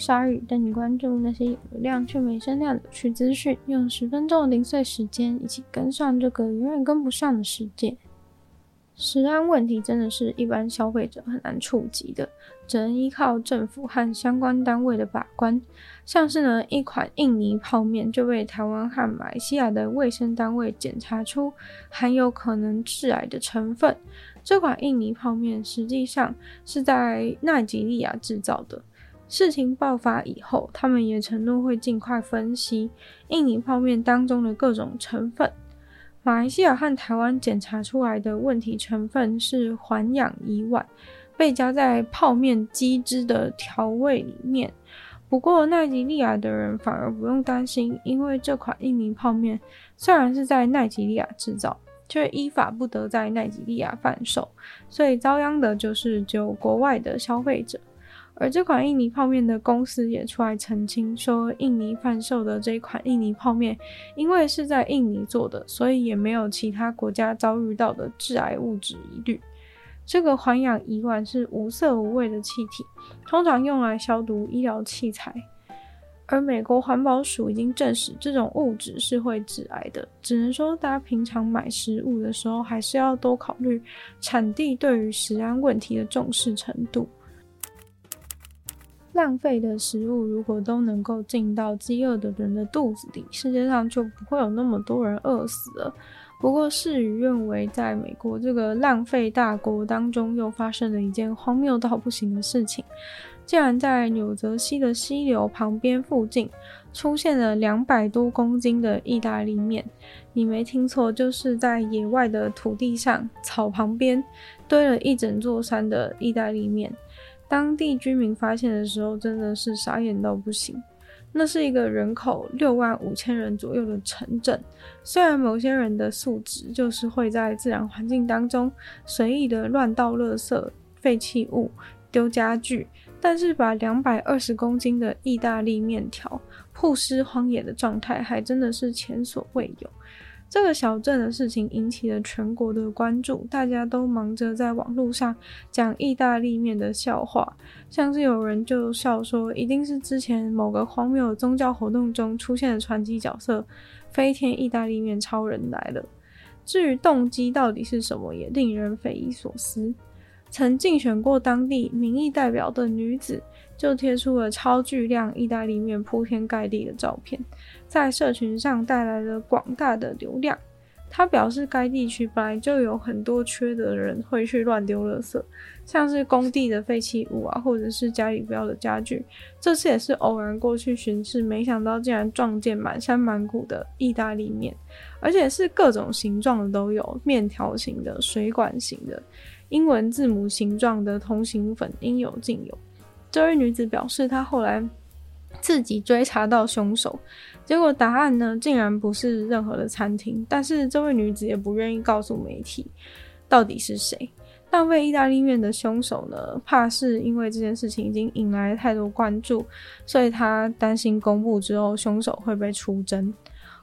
鯊魚帶你關注那些有流量卻沒聲量的趣資訊，用十分鐘零碎時間，一起跟上這個永遠跟不上的世界。食安問題真的是一般消費者很難觸及的，只能依靠政府和相關單位的把關。像是呢，一款印尼泡麵就被台灣和馬來西亞的衛生單位檢查出含有可能致癌的成分。這款印尼泡麵實際上是在奈及利亞製造的。事情爆發以後，他們也承諾會盡快分析印尼泡麵當中的各種成分。馬來西亞和台灣檢查出來的問題成分是環氧乙烷，被加在泡麵雞汁的調味裡面。不過，奈及利亞的人反而不用擔心，因為這款印尼泡麵雖然是在奈及利亞製造，卻依法不得在奈及利亞販售，所以遭殃的就是只有國外的消費者。而這款印尼泡麵的公司也出來澄清說，印尼販售的這一款印尼泡麵，因為是在印尼做的，所以也沒有其他國家遭遇到的致癌物質疑慮。這個環氧乙烷是無色無味的氣體，通常用來消毒醫療器材。而美國環保署已經證實這種物質是會致癌的，只能說大家平常買食物的時候，還是要多考慮產地對於食安問題的重視程度。浪費的食物如果都能夠進到飢餓的人的肚子裡，世界上就不會有那麼多人餓死了。不過事與願違，在美國這個浪費大國當中，又發生了一件荒謬到不行的事情：竟然在紐澤西的溪流旁邊附近出現了兩百多公斤的意大利麵。你沒聽錯，就是在野外的土地上、草旁邊堆了一整座山的意大利麵。當地居民發現的時候，真的是傻眼到不行。那是一個人口六萬五千人左右的城鎮，雖然某些人的素質就是會在自然環境當中隨意的亂倒垃圾、廢棄物、丟家具，但是把兩百二十公斤的意大利麵條曝屍荒野的狀態，還真的是前所未有。這個小鎮的事情引起了全國的關注，大家都忙着在網絡上講意大利面的笑話，像是有人就笑說，一定是之前某個荒謬的宗教活動中出現的傳奇角色——飛天意大利面超人來了。至於動機到底是什麼，也令人匪夷所思。曾競選過當地民意代表的女子。就貼出了超巨量意大利麵鋪天蓋地的照片，在社群上帶來了廣大的流量。他表示，該地區本來就有很多缺德的人會去亂丟垃圾，像是工地的廢棄物啊，或者是家裡不要的家具。這次也是偶然過去巡視，沒想到竟然撞見滿山滿谷的意大利麵，而且是各種形狀的都有：麵條型的、水管型的、英文字母形狀的、通心粉，應有盡有。這位女子表示，她後來自己追查到兇手，結果答案呢，竟然不是任何的餐廳。但是這位女子也不願意告訴媒體到底是誰。浪費意大利面的兇手呢，怕是因為這件事情已經引來太多關注，所以她擔心公布之後兇手會被出征。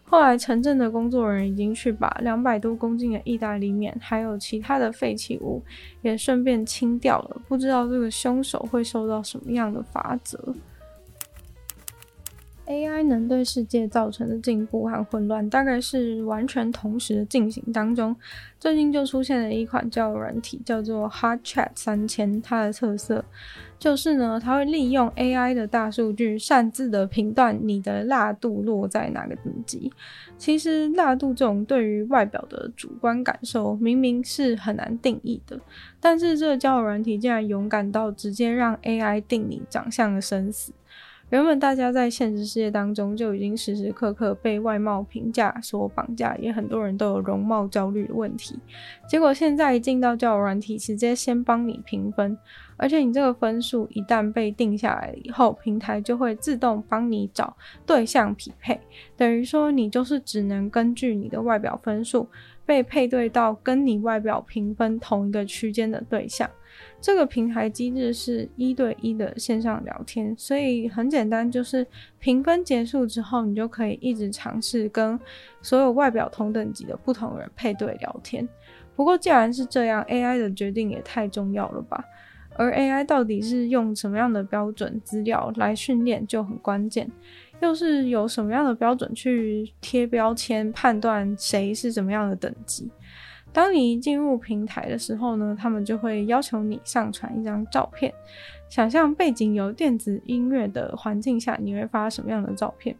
後來，城鎮的工作人員已經去把兩百多公斤的意大利麵還有其他的廢棄物也順便清掉了。不知道這個凶手會受到什麼樣的罰則。AI 能對世界造成的進步和混亂，大概是完全同時進行當中。最近就出現了一款交友軟體，叫做 Hot Chat 3000。它的特色就是呢，它會利用 AI 的大數據，擅自的評斷你的辣度落在哪個等級。其實辣度這種對於外表的主觀感受，明明是很難定義的，但是這個交友軟體竟然勇敢到直接讓 AI 定你長相的生死。原本大家在現實世界當中就已經時時刻刻被外貌評價所綁架，也很多人都有容貌焦慮的問題。結果現在一進到交友軟體，直接先幫你評分，而且你這個分數一旦被定下來以後，平台就會自動幫你找對象匹配。等於說，你就是只能根據你的外表分數被配對到跟你外表評分同一個區間的對象。這個平台機制是一對一的線上聊天，所以很簡單，就是評分結束之後，你就可以一直嘗試跟所有外表同等級的不同的人配對聊天。不過，既然是這樣，AI 的決定也太重要了吧？而 AI 到底是用什麼樣的標準資料來訓練就很關鍵，又是有什麼樣的標準去貼標籤判斷誰是怎麼樣的等級？當你一進入平台的時候呢，他們就會要求你上傳一張照片。想象背景有電子音樂的環境下，你會發什麼樣的照片？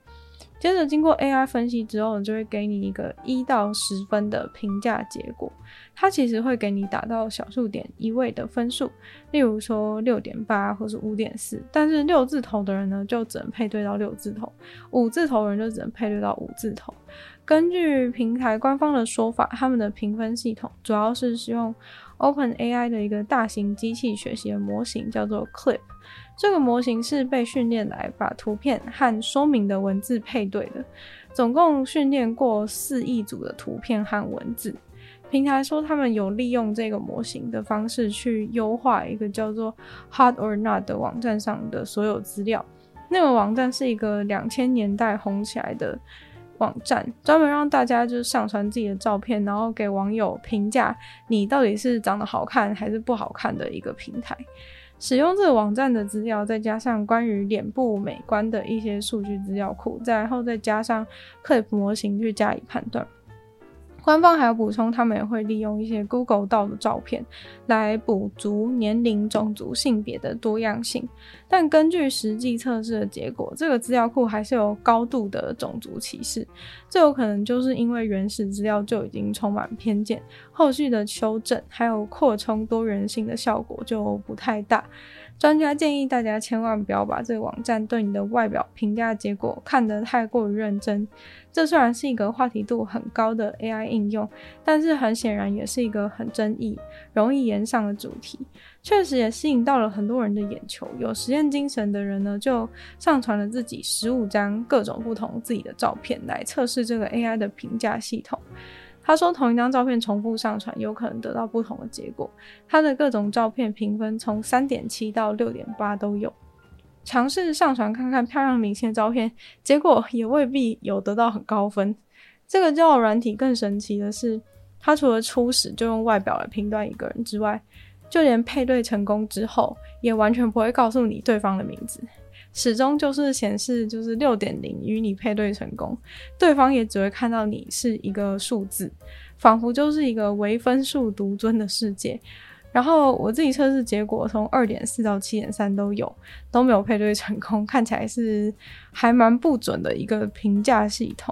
接着經過 AI 分析之後呢，就會給你一個一到十分的評價結果。它其實會給你打到小數點一位的分數，例如說六點八或是五點四。但是六字頭的人呢，就只能配對到六字頭；五字頭的人就只能配對到五字頭。根據平台官方的說法，他們的評分系統主要是使用 OpenAI 的一個大型機器學習的模型，叫做 Clip。這個模型是被訓練來把圖片和說明的文字配對的，總共訓練過四億組的圖片和文字。平台說他們有利用這個模型的方式去優化一個叫做 “Hot or Not” 的網站上的所有資料。那個網站是一個兩千年代紅起來的網站，專門讓大家就是上傳自己的照片，然後給網友評價你到底是長得好看還是不好看的一個平台。使用這個網站的資料，再加上關於臉部美觀的一些數據資料庫，再然後再加上 Clip 模型去加以判斷。官方還有補充，他們也會利用一些 Google 到的照片來補足年齡、種族、性別的多樣性。但根據實際測試的結果，這個資料庫還是有高度的種族歧視。這有可能就是因為原始資料就已經充滿偏見。後續的修正還有擴充多元性的效果就不太大。專家建議大家千萬不要把這個網站對你的外表評價結果看得太過於認真。這雖然是一個話題度很高的 AI 應用，但是很顯然也是一個很爭議、容易炎上的主題。確實也吸引到了很多人的眼球。有實驗精神的人呢，就上傳了自己十五張各種不同自己的照片來測試這個 AI 的評價系統。他說，同一張照片重複上傳，有可能得到不同的結果。他的各種照片評分從三點七到六點八都有。嘗試上傳看看漂亮明星的照片，結果也未必有得到很高分。這個交友軟體更神奇的是，它除了初始就用外表來評斷一個人之外，就連配對成功之後，也完全不會告訴你對方的名字。始終就是顯示就是六點零與你配對成功，對方也只會看到你是一個數字，仿佛就是一個唯分數獨尊的世界。然後我自己測試結果從二點四到七點三都有，都沒有配對成功，看起來是還蠻不準的一個評價系統。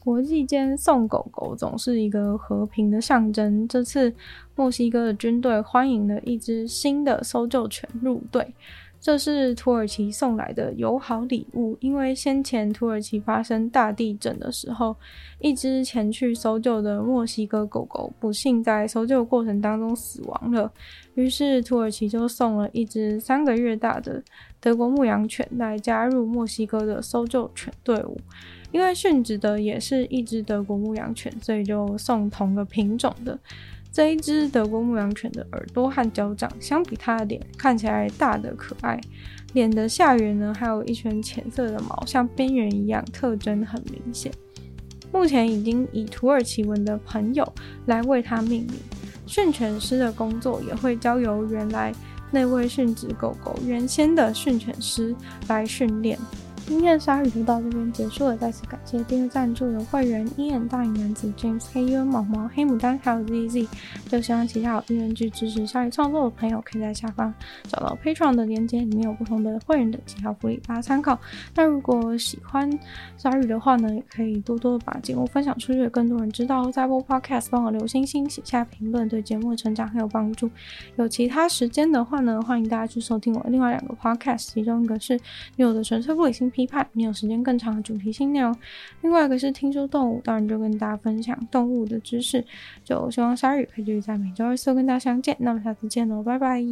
國際間送狗狗總是一個和平的象徵，這次墨西哥的軍隊歡迎了一隻新的搜救犬入隊。這是土耳其送來的友好禮物，因為先前土耳其發生大地震的時候，一只前去搜救的墨西哥狗狗不幸在搜救過程當中死亡了，於是土耳其就送了一只三個月大的德國牧羊犬來加入墨西哥的搜救犬隊伍，因為殉職的也是一只德國牧羊犬，所以就送同個品種的。這一只德國牧羊犬的耳朵和腳掌相比，它的臉看起來大得可愛。臉的下緣呢，還有一圈淺色的毛，像邊緣一樣，特徵很明顯。目前已經以土耳其文的朋友來為它命名。訓犬師的工作也會交由原來那位訓隻狗狗原先的訓犬師來訓練。今天的鯊魚就到這邊結束了，再次感謝訂閱贊助的會員陰影大影男子 James、James、嗯、黑淵毛毛、黑牡丹，還有 Z Z，就希望其他有意願去支持鯊魚創作的朋友，可以在下方找到 Patreon 的鏈接，裡面有不同的會員等級和福利，供大家參考。那如果喜歡鯊魚的話呢，也可以多多把節目分享出去，更多人知道。在播 Podcast 幫我留星星、寫下評論，對節目的成長很有幫助。有其他時間的話呢，歡迎大家去收聽我的另外兩個 Podcast，其中一個是《女友的純粹不理性評批判，你有時間更長的主題性內容。另外一個是聽說動物，當然就跟大家分享動物的知識。就希望鯊魚可以繼續在每周二四跟大家相見。那麼下次見嘍，拜拜。